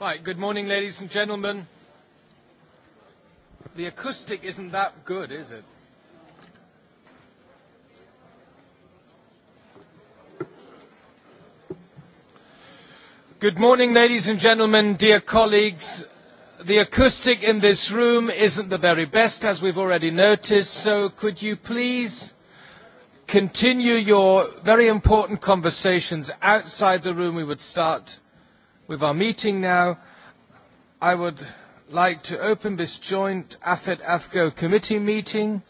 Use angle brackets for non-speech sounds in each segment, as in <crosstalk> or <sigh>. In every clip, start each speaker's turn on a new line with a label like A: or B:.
A: Right, good morning, ladies and gentlemen. The acoustic isn't that good, is it? Good morning, ladies and gentlemen, dear colleagues. The acoustic in this room isn't the very best, as we've already noticed, so could you please continue your very important conversations outside the room? We would start with our meeting now. I would like to open this joint Afet afco committee meeting.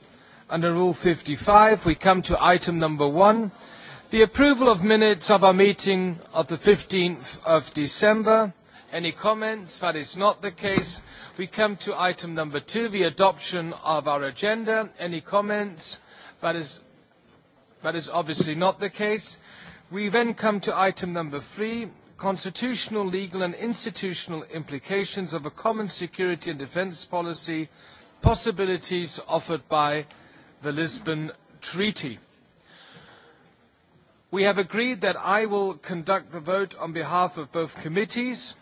A: Under Rule 55, we come to item number one, the approval of minutes of our meeting of the 15th of December. Any comments? That is not the case. We come to item number two, the adoption of our agenda. Any comments? That is, that is obviously not the case. We then come to item number three, constitutional, legal and institutional implications of a common security and defence policy, possibilities offered by the Lisbon Treaty. We have agreed that I will conduct the vote on behalf of both committees.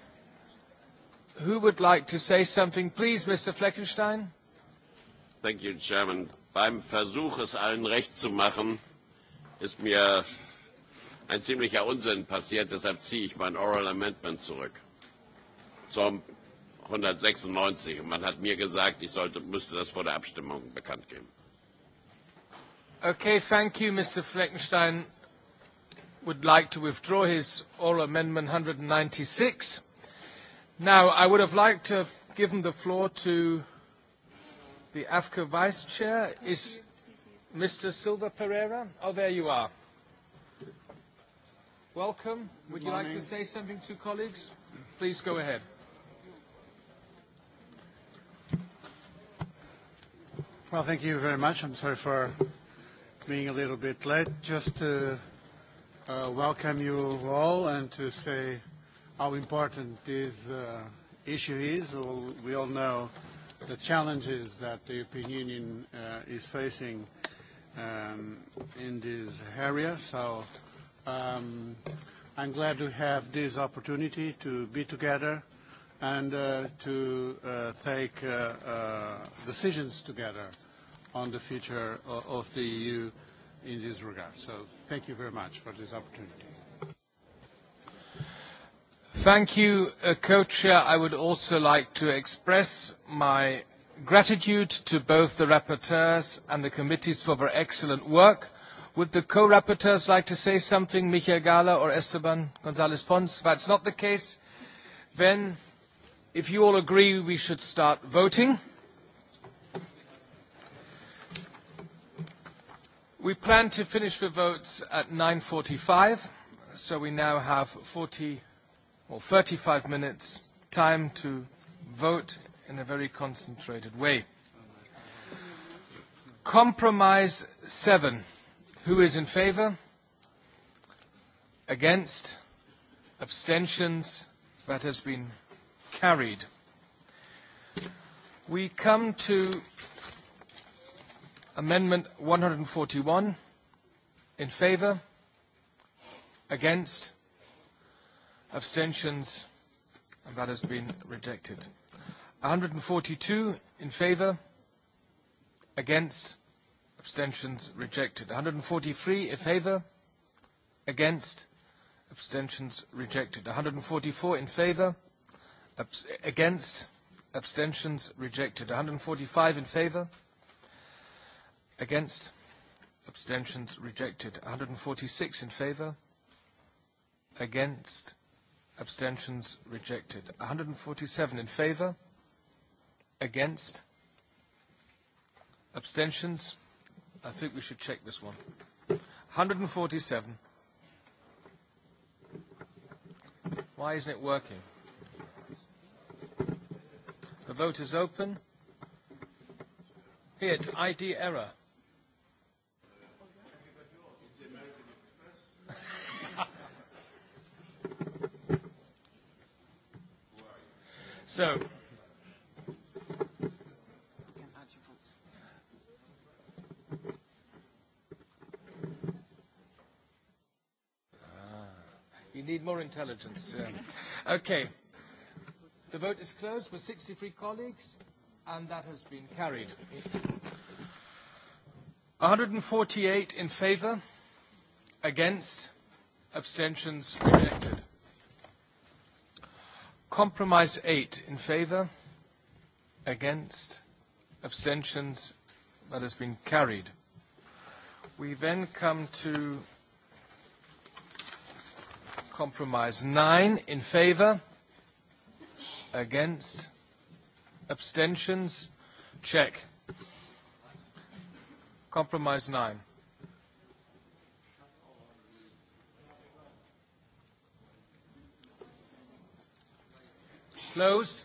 A: Who would like to say something? Please, Mr. Fleckenstein. Thank you, Chairman. Beim Versuch, es allen recht zu machen, ist mir ein ziemlicher Unsinn passiert. Deshalb ziehe ich mein Oral Amendment zurück zum 196. Und man hat mir gesagt, ich sollte, müsste das vor der Abstimmung bekannt geben. Okay, thank you, Mr. Fleckenstein would like to withdraw his oral amendment 196. Now, I would have liked to have given the floor to the AFCA Vice Chair. Is Mr. Silva Pereira? Oh, there you are. Welcome. Would you like to say something to colleagues? Please go ahead. Well, thank you very much. I'm sorry for being a little bit late. Just to uh, welcome you all and to say how important this uh, issue is. We all know the challenges that the European Union uh, is facing um, in this area. So Um, I'm glad to have this opportunity to be together and uh, to uh, take uh, uh, decisions together on the future of, of the EU in this regard. So thank you very much for this opportunity. Thank you, uh, Co-Chair. I would also like to express my gratitude to both the rapporteurs and the committees for their excellent work. Would the co-rapporteurs like to say something, Michael Gala or Esteban González Pons? If that's not the case, then if you all agree, we should start voting. We plan to finish the votes at 9:45, so we now have 40 or 35 minutes time to vote in a very concentrated way. Compromise 7. Who is in favor? Against? Abstentions? That has been carried. We come to Amendment 141. In favor? Against? Abstentions? And that has been rejected. 142 in favor? Against? Abstentions rejected. 143 in favour. Against. Abstentions rejected. 144 in favour. against. Abstentions rejected. 145 in favour. Against. Abstentions rejected. 146 in favour. Against. Abstentions rejected. 147 in favour. Against. Abstentions rejected. I think we should check this one. 147. Why isn't it working? The vote is open. Here, it's ID error. <laughs> so, more intelligence. Yeah. Okay. The vote is closed with 63 colleagues, and that has been carried. 148 in favour, against, abstentions rejected. Compromise 8 in favour, against, abstentions, that has been carried. We then come to Compromise Nine in favor, against, abstentions, check. Compromise nine. Closed.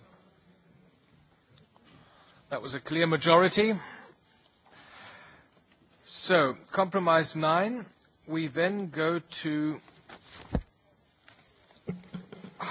A: That was a clear majority. So, compromise nine. We then go to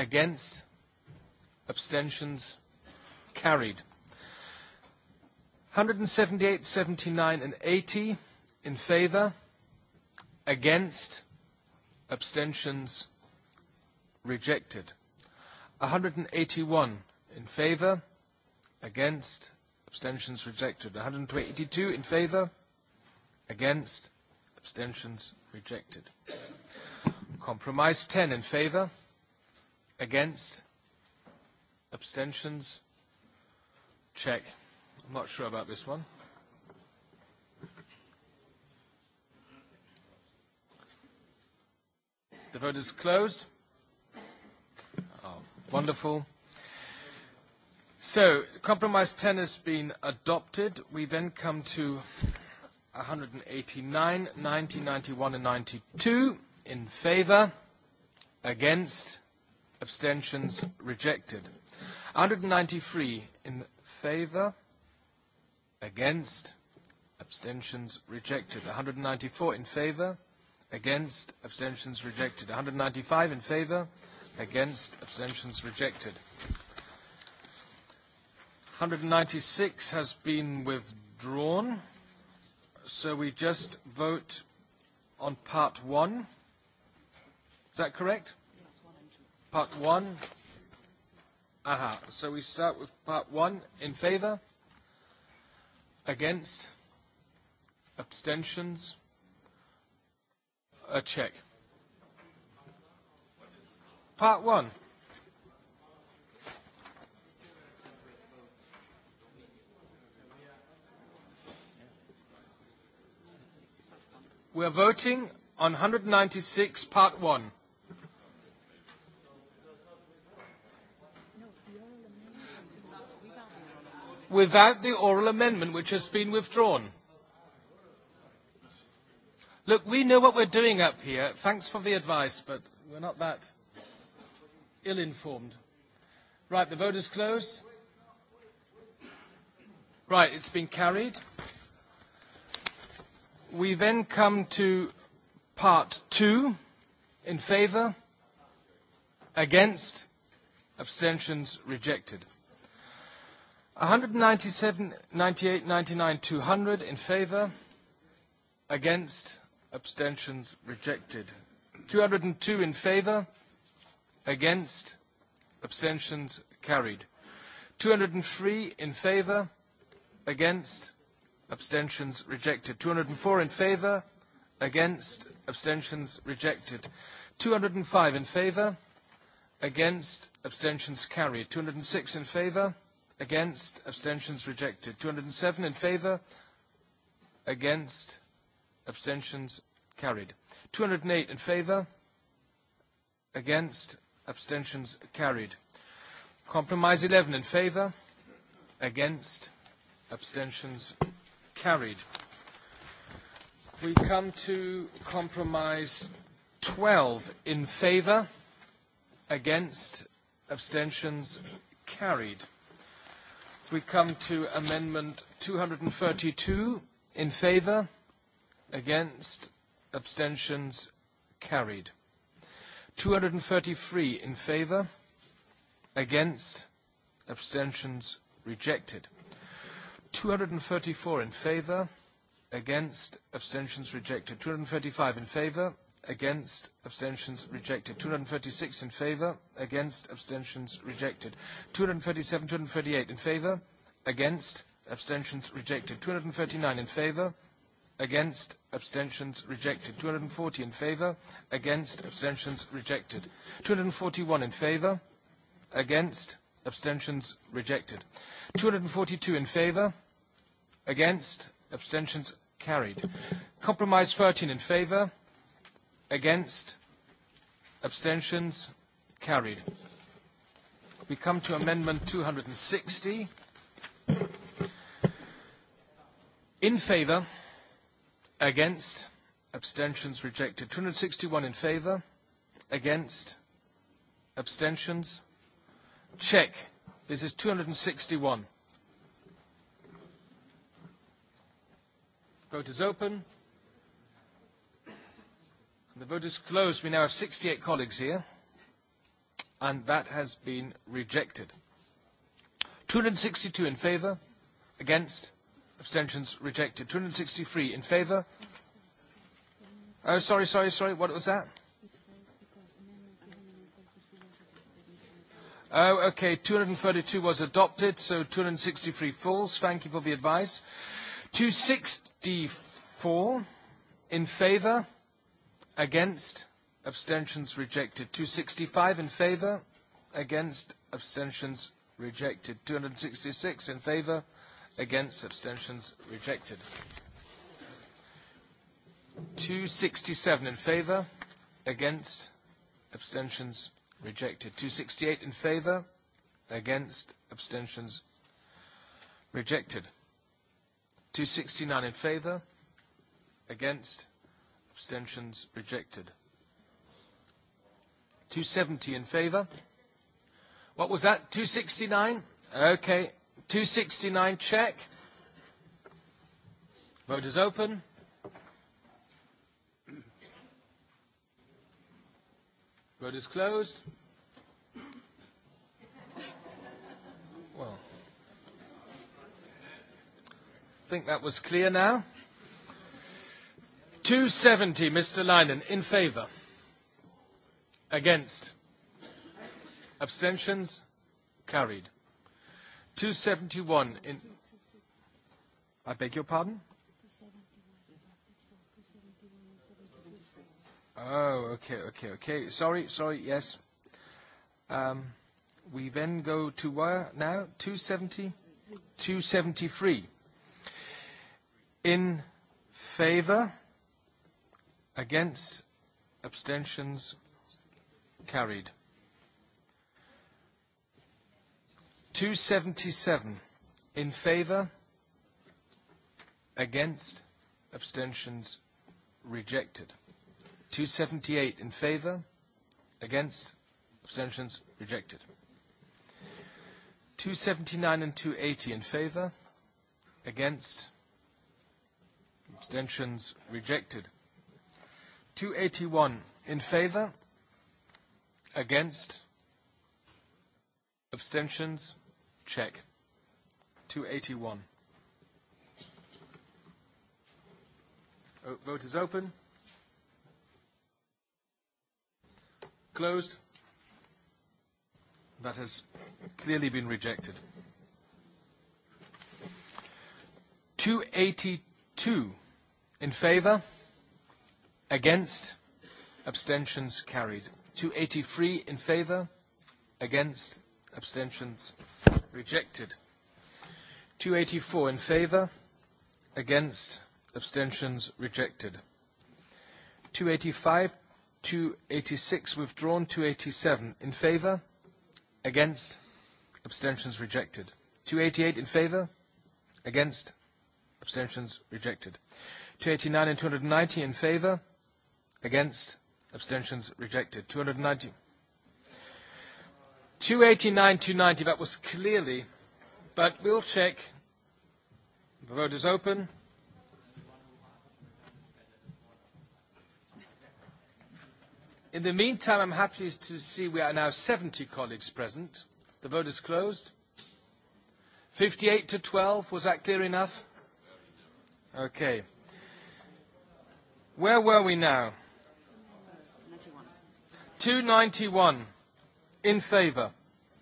A: Against? Abstentions? Carried. 178, 79, and 80 in favor, against, abstentions, rejected. 181 in favor, against, abstentions, rejected. 182 in favor, against, abstentions, rejected. Compromise 10 in favor, Against? Abstentions? Check. I'm not sure about this one. The vote is closed. Oh, wonderful. So, compromise 10 has been adopted. We then come to 189, 90, 91, and 92 in favor, against, abstentions rejected. 193 in favor, against, abstentions rejected. 194 in favor, against, abstentions rejected. 195 in favor, against, abstentions rejected. 196 has been withdrawn, so we just vote on part one. Is that correct? Part one. Aha, so we start with part one. In favor? Against? Abstentions? A check. Part one. We are voting on 196, part one. without the oral amendment which has been withdrawn. Look, we know what we're doing up here. Thanks for the advice, but we're not that ill-informed. Right, the vote is closed. Right, it's been carried. We then come to part two. In favour? Against? Abstentions rejected. 197, 98, 99, 200 in favor. Against. Abstentions rejected. 202 in favor. Against. Abstentions carried. 203 in favor. Against. Abstentions rejected. 204 in favor. Against. Abstentions rejected. 205 in favor. Against. Abstentions carried. 206 in favor. Against, Against. Abstentions rejected. 207 in favor. Against. Abstentions carried. 208 in favor. Against. Abstentions carried. Compromise 11 in favor. Against. Abstentions carried. We come to compromise 12 in favor. Against. Abstentions carried we come to amendment 232 in favor, against, abstentions carried. 233 in favor, against, abstentions rejected. 234 in favor, against, abstentions rejected. 235 in favor, against, abstentions rejected. 236 in favour, against, abstentions rejected. 237, 238 in favour, against, abstentions rejected. 239 in favour, against, abstentions rejected. 240 in favour, against, abstentions rejected. 241 in favour, against, abstentions rejected. 242 in favour, against, abstentions carried. Compromise 13 in favour, Against? Abstentions? Carried. We come to Amendment 260. In favour? Against? Abstentions rejected. 261 in favour? Against? Abstentions? Check. This is 261. Vote is open. The vote is closed. We now have 68 colleagues here, and that has been rejected. 262 in favour, against, abstentions rejected. 263 in favour. Oh, sorry, sorry, sorry. What was that? Oh, okay. 232 was adopted, so 263 falls. Thank you for the advice. 264 in favour, Against? Abstentions rejected. 265 in favour. Against? Abstentions rejected. 266 in favour. Against? Abstentions rejected. 267 in favour. Against? Abstentions rejected. 268 in favour. Against? Abstentions rejected. 269 in favour. Against? Abstentions rejected. 270 in favour. What was that? 269? Okay. 269 check. Vote is open. Vote is closed. Well, I think that was clear now. 270, Mr. Leinen, in favor. Against. Abstentions? Carried. 271 in... I beg your pardon? Oh, okay, okay, okay. Sorry, sorry, yes. Um, we then go to where now? 270? 273. In favor? Against? Abstentions? Carried. 277 in favor, against, abstentions rejected. 278 in favor, against, abstentions rejected. 279 and 280 in favor, against, abstentions rejected. 281 in favor, against, abstentions, check. 281. vote is open. Closed. That has clearly been rejected. 282 in favor, Against? Abstentions carried. 283 in favor? Against? Abstentions rejected. 284 in favor? Against? Abstentions rejected. 285, 286 withdrawn, 287 in favor? Against? Abstentions rejected. 288 in favor? Against? Abstentions rejected. 289 and 290 in favor? Against? Abstentions rejected. 290. 289, 290, that was clearly, but we'll check. The vote is open. In the meantime, I'm happy to see we are now 70 colleagues present. The vote is closed. 58 to 12, was that clear enough? Okay. Where were we now? 291 in favour.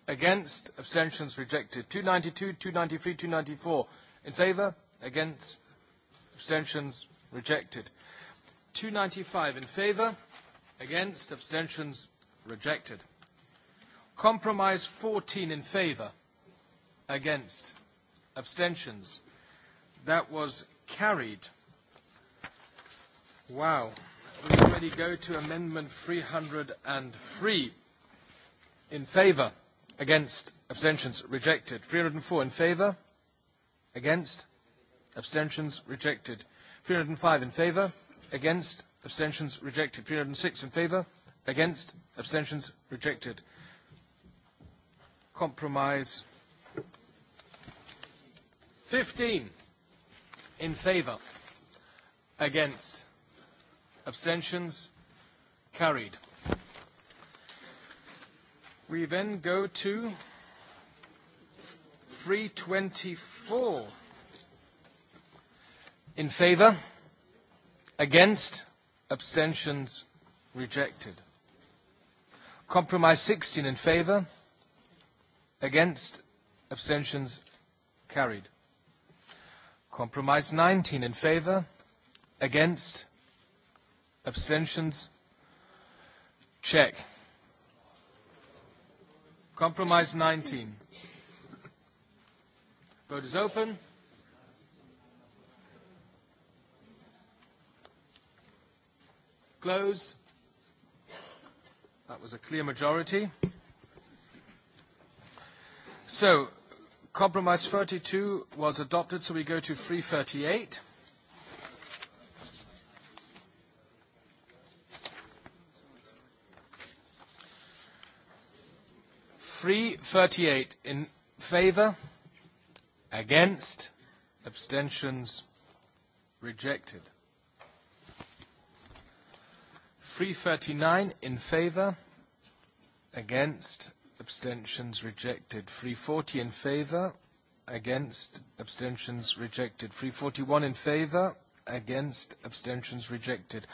A: Against. Abstentions rejected. 292, 293, 294 in favour. Against. Abstentions rejected. 295 in favour. Against. Abstentions rejected. Compromise 14 in favour. Against. Abstentions. That was carried. Wow we already go to amendment 303. In favour, against, abstentions rejected. 304 in favour, against, abstentions rejected. 305 in favour, against, abstentions rejected. 306 in favour, against, abstentions rejected. Compromise 15 in favour, against, Abstentions? Carried. We then go to 324. In favor? Against? Abstentions? Rejected. Compromise 16 in favor? Against? Abstentions? Carried. Compromise 19 in favor? Against? Abstentions? Check. Compromise 19. Vote is open. Closed. That was a clear majority. So, compromise 32 was adopted, so we go to 338. 338 in favor, against, abstentions, rejected. 339 in favor, against, abstentions rejected. 340 in favor, against, abstentions rejected. 341 in favor, against, abstentions rejected.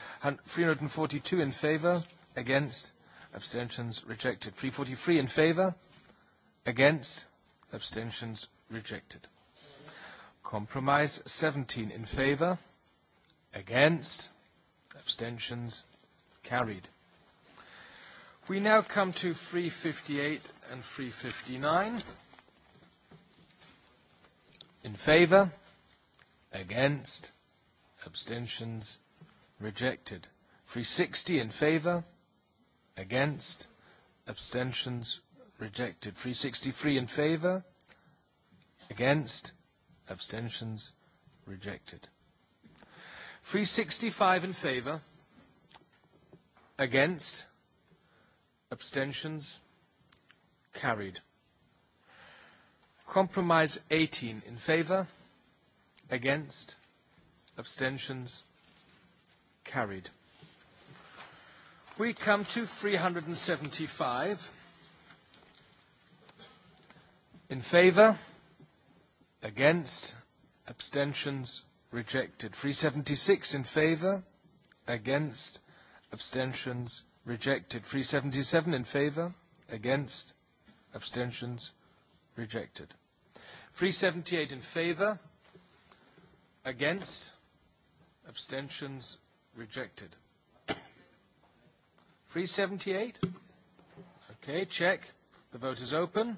A: 342 in favor, against, abstentions rejected. 343 in favour, against, abstentions rejected. Compromise 17 in favour, against, abstentions carried. We now come to 358 and 359. In favour, against, abstentions rejected. 360 in favour, Against? Abstentions? Rejected. 363 in favour? Against? Abstentions? Rejected. 365 in favour? Against? Abstentions? Carried. Compromise 18 in favour? Against? Abstentions? Carried. We come to 375. In favor? Against? Abstentions? Rejected. 376 in favor? Against? Abstentions? Rejected. 377 in favor? Against? Abstentions? Rejected. 378 in favor? Against? Abstentions? Rejected. 378? Okay, check. The vote is open.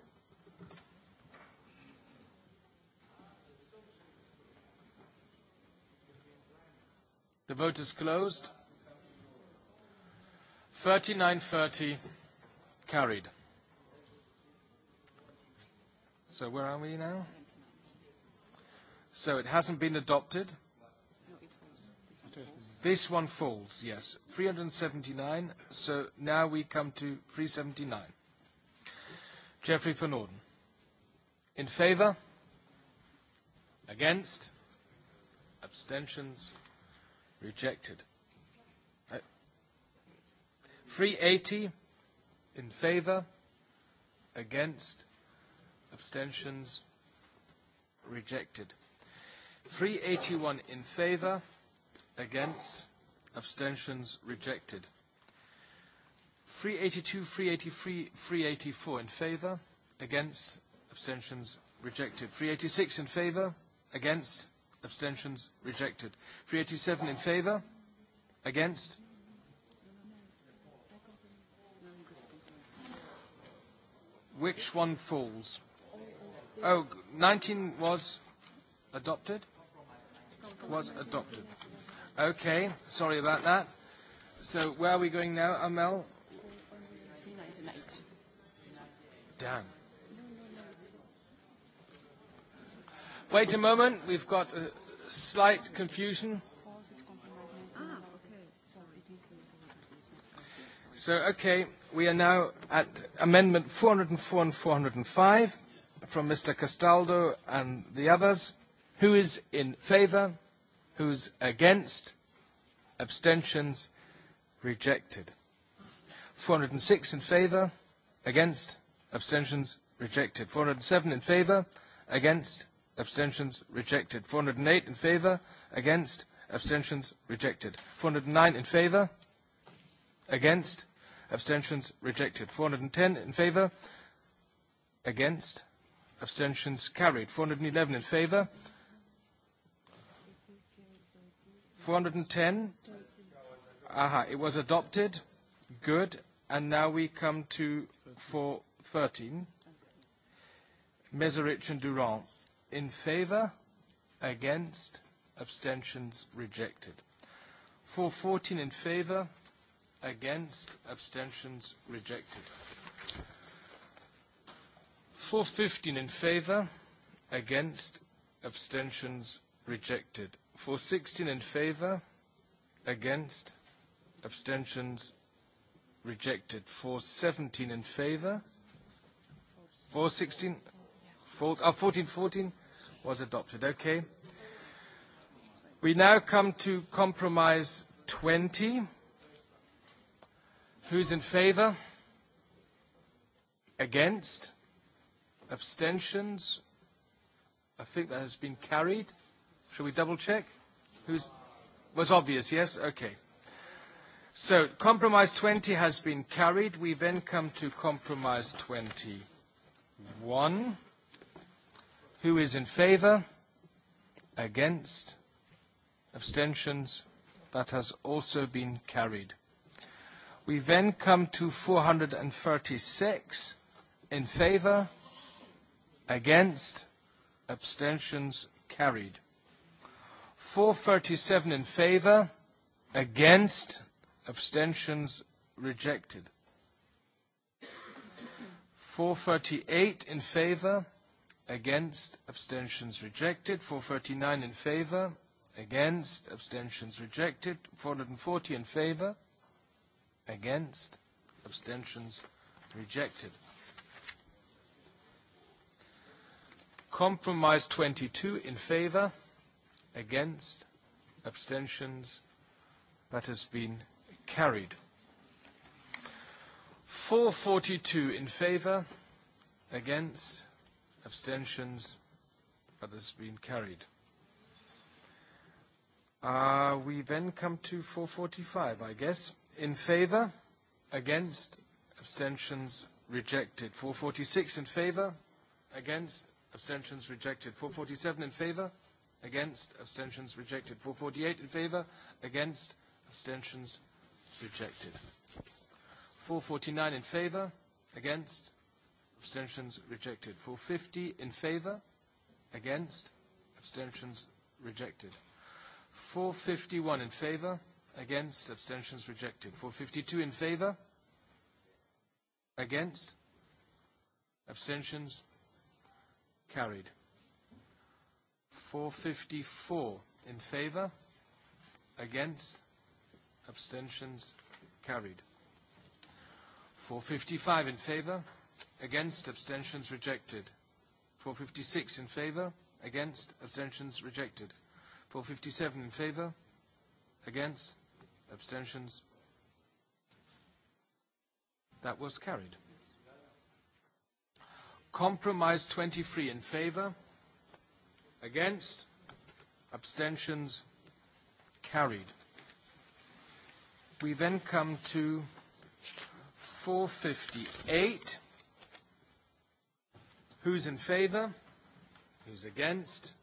A: The vote is closed. 3930 carried. So where are we now? So it hasn't been adopted. This one falls, yes. 379, so now we come to 379. Jeffrey van Orden. In favor? Against? Abstentions? Rejected. 380 uh, in favor, against, abstentions, rejected. 381 in favor, Against? Abstentions? Rejected. 382, 383, 384 in favour. Against? Abstentions? Rejected. 386 in favour. Against? Abstentions? Rejected. 387 in favour. Against? Which one falls? Oh, 19 was adopted? Was adopted. Okay, sorry about that. So where are we going now, Amel? Damn. Wait a moment, we've got a slight confusion. So, okay, we are now at Amendment 404 and 405 from Mr. Castaldo and the others. Who is in favour? Who's against? Abstentions? Rejected. 406 in favour? Against? Abstentions? Rejected. 407 in favour? Against? Abstentions? Rejected. 408 in favour? Against? Abstentions? Rejected. 409 in favour? Against? Abstentions? Rejected. 410 in favour? Against? Abstentions? Carried. 411 in favour? 410? Aha, it was adopted. Good. And now we come to 413. Meserich and Durand. In favor? Against? Abstentions rejected. 414 in favor? Against? Abstentions rejected. 415 in favor? Against? Abstentions rejected. for 16 in favor, against, abstentions, rejected. for 17 in favor, 14, 14 uh, was adopted. Okay. We now come to compromise 20. Who's in favor? Against? Abstentions? I think that has been carried. Shall we double check? Who's was obvious, yes? Okay. So compromise 20 has been carried. We then come to compromise 21. Who is in favour? Against? Abstentions? That has also been carried. We then come to 436. In favour. Against? Abstentions? Carried. 437 in favor, against, abstentions rejected. 438 in favor, against, abstentions rejected. 439 in favor, against, abstentions rejected. 440 in favor, against, abstentions rejected. Compromise 22 in favor, against, Against? Abstentions? That has been carried. 442 in favor, against, abstentions, that has been carried. Uh, we then come to 445, I guess. In favor, against, abstentions, rejected. 446 in favor, against, abstentions, rejected. 447 in favor, against, abstentions rejected. 448 in favour, against, abstentions rejected. 449 in favour, against, abstentions rejected. 450 in favour, against, abstentions rejected. 451 in favour, against, abstentions rejected. 452 in favour, against, abstentions carried. 454 in favor, against, abstentions carried. 455 in favor, against, abstentions rejected. 456 in favor, against, abstentions rejected. 457 in favor, against, abstentions. That was carried. Compromise 23 in favor, Against? Abstentions? Carried. We then come to 458. Who's in favor? Who's against?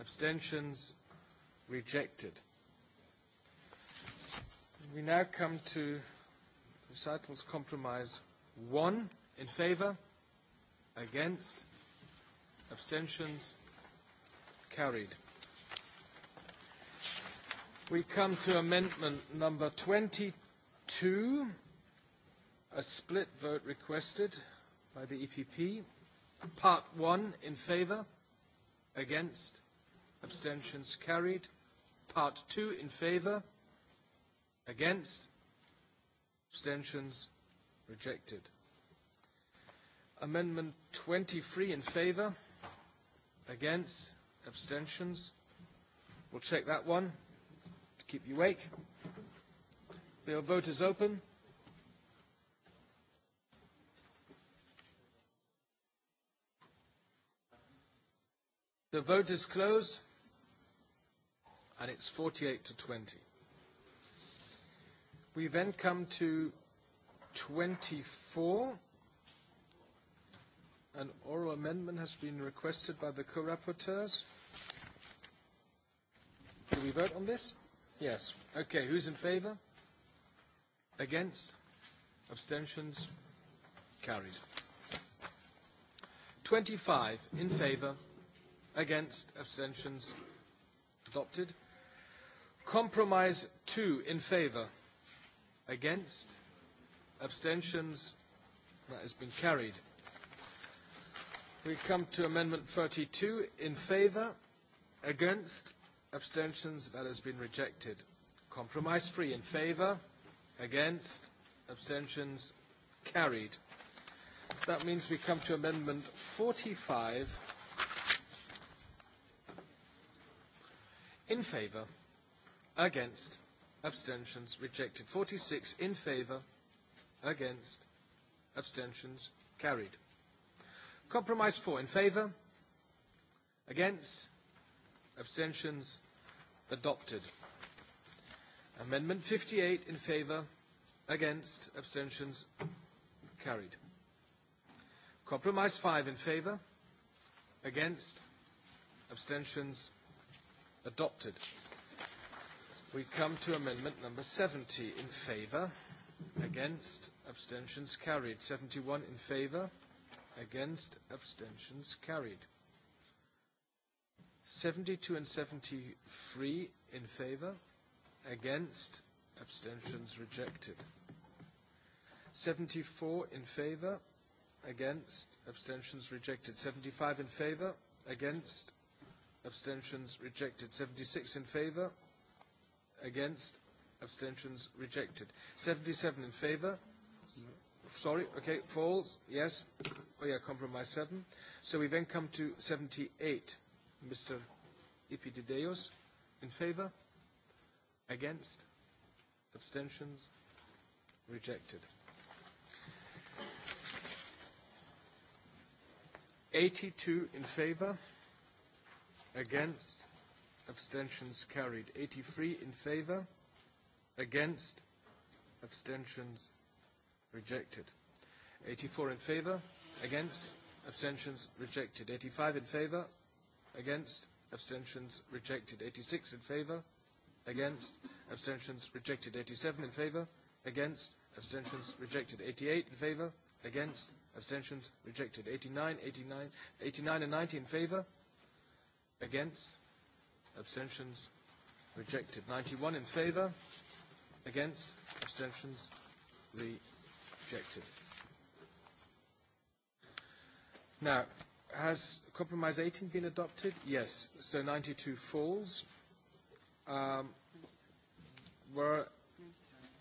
A: Abstentions? Rejected. We now come to recitals compromise 1. In favor? Against? Abstentions? Rejected Carried. We come to amendment number 22, a split vote requested by the EPP. Part 1 in favour, against, abstentions carried. Part 2 in favour, against, abstentions rejected. Amendment 23 in favour, against, Abstentions? We'll check that one to keep you awake. The vote is open. The vote is closed, and it's 48 to 20. We then come to 24, An oral amendment has been requested by the co-rapporteurs. Do we vote on this? Yes. Okay, who's in favor? Against? Abstentions? Carried. 25 in favor, against, abstentions, adopted. Compromise 2 in favor, against, abstentions, that has been carried. We come to Amendment 32. In favour? Against? Abstentions? That has been rejected. Compromise free In favour? Against? Abstentions? Carried. That means we come to Amendment 45. In favour? Against? Abstentions? Rejected. 46. In favour? Against? Abstentions? Carried. Compromise 4 in favour. Against. Abstentions. Adopted. Amendment 58 in favour. Against. Abstentions. Carried. Compromise 5 in favour. Against. Abstentions. Adopted. We come to amendment number 70 in favour. Against. Abstentions. Carried. 71 in favour. Against? Abstentions carried. 72 and 73 in favor. Against? Abstentions rejected. 74 in favor. Against? Abstentions rejected. 75 in favor. Against? Abstentions rejected. 76 in favor. Against? Abstentions rejected. 77 in favor. Against, sorry, okay, falls, yes. Oh yeah, compromise seven. So we then come to 78. Mr. Epidideos, in favor? Against? Abstentions? Rejected. 82 in favor? Against? Abstentions carried. 83 in favor? Against? Abstentions rejected. 84 in favour, against, abstentions rejected. 85 in favour, against, abstentions rejected. 86 in favour, against, abstentions rejected. 87 in favour, against, abstentions rejected. 88 in favour, against, abstentions rejected. 89, 89, 89 and 90 in favour, against, abstentions rejected. 91 in favour, against, abstentions rejected objective. Now, has compromise 18 been adopted? Yes. So 92 falls. Um, we're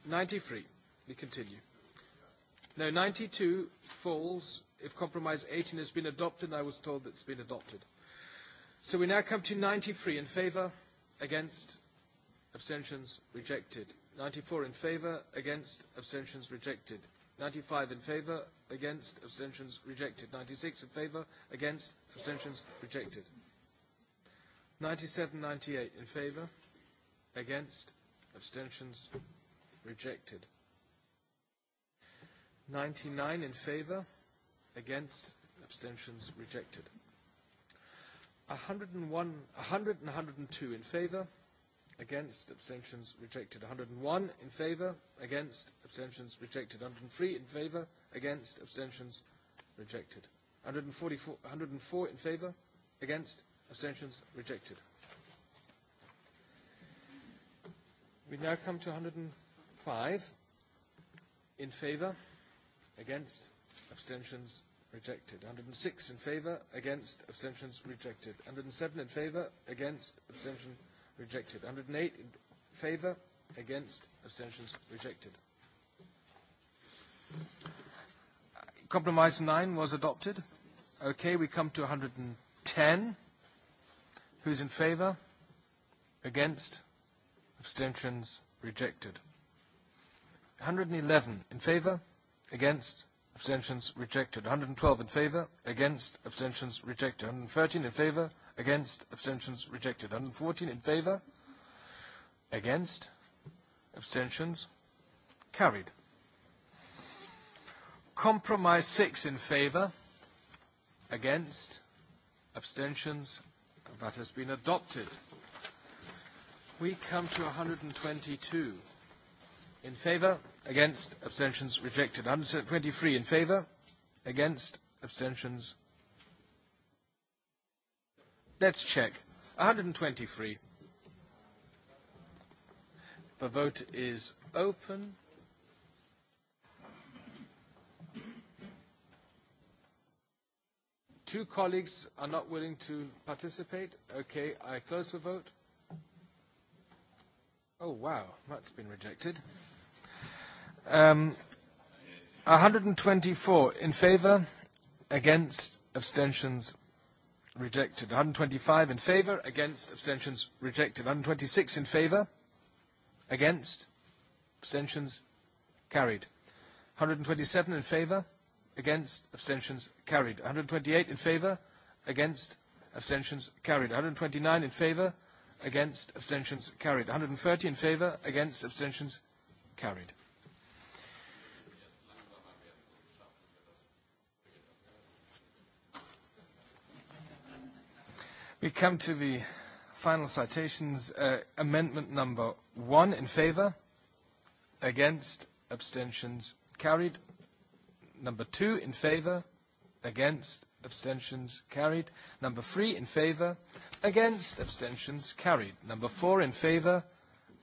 A: 93. We continue. No, 92 falls if compromise 18 has been adopted. I was told it's been adopted. So we now come to 93 in favour, against, abstentions, rejected. 94 in favour, against, abstentions, rejected. 95 in favour, against, abstentions rejected. 96 in favour, against, abstentions rejected. 97, 98 in favour, against, abstentions rejected. 99 in favour, against, abstentions rejected. 101, 100 and 102 in favour, against, abstentions rejected 101 in favour, against, abstentions rejected 103 in favour, against, abstentions rejected 144, 104 in favour, against, abstentions rejected. We now come to 105 in favour, against, abstentions rejected. 106 in favour, against, abstentions rejected. 107 in favour, against, abstentions rejected rejected. 108 in favour, against, abstentions, rejected. Compromise 9 was adopted. Okay, we come to 110. Who's in favour? Against? Abstentions? Rejected. 111 in favour? Against? Abstentions? Rejected. 112 in favour? Against? Abstentions? Rejected. 113 in favour? Against? Abstentions? Rejected. 14, in favor? Against? Abstentions? Carried. Compromise 6 in favor? Against? Abstentions? That has been adopted. We come to 122. In favor? Against? Abstentions? Rejected. 123 in favor? Against? Abstentions? Rejected Let's check. 123. The vote is open. Two colleagues are not willing to participate. Okay, I close the vote. Oh, wow, that's been rejected. Um, 124 in favor, against, abstentions, rejected. 125 in favour, against, abstentions rejected. 126 in favour, against, abstentions carried. 127 in favour, against, abstentions carried. 128 in favour, against, abstentions carried. 129 in favour, against, abstentions carried. 130 in favour, against, abstentions carried. We come to the final citations. Uh, amendment number one in favor, against, abstentions carried. Number two in favor, against, abstentions carried. Number three in favor, against, abstentions carried. Number four in favor,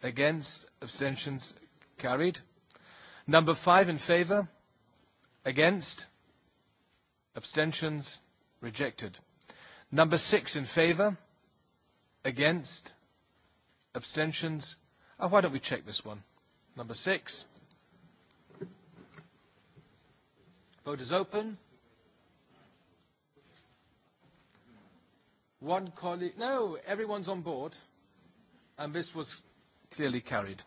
A: against, abstentions carried. Number five in favor, against, abstentions rejected. Number six in favour? Against? Abstentions? Oh, why don't we check this one? Number six. Vote is open. One colleague. No, everyone's on board. And this was clearly carried.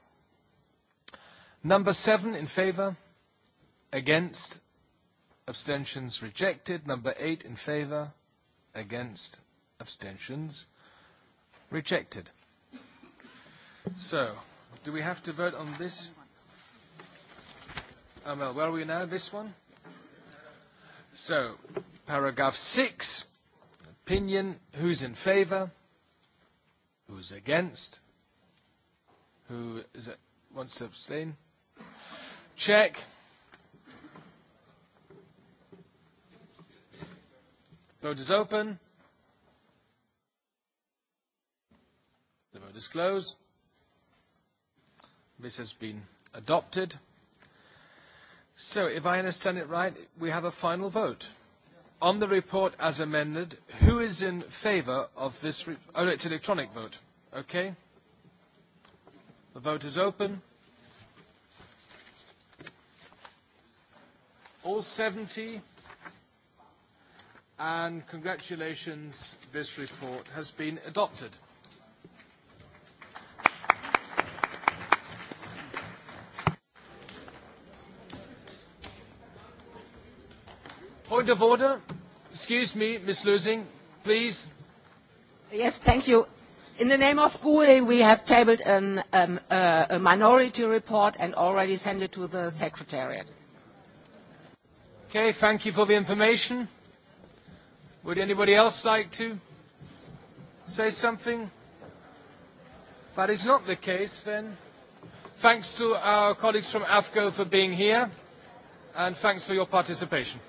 A: Number seven in favour? Against? Abstentions rejected. Number eight in favour? against, abstentions, rejected. So, do we have to vote on this? Um, where are we now, this one? So, paragraph six, opinion, who's in favour, who's against, who wants to abstain. Check. Vote is open. The vote is closed. This has been adopted. So, if I understand it right, we have a final vote. On the report as amended, who is in favor of this? oh, no, it's electronic vote. Okay. The vote is open. All 70 and congratulations, this report has been adopted. Point of order. Excuse me, Ms. Lösing, please. Yes, thank you. In the name of GUE, we have tabled an, um, uh, a minority report and already sent it to the Secretariat. Okay, thank you for the information. Would anybody else like to say something? That is not the case, then. Thanks to our colleagues from AFCO for being here, and thanks for your participation.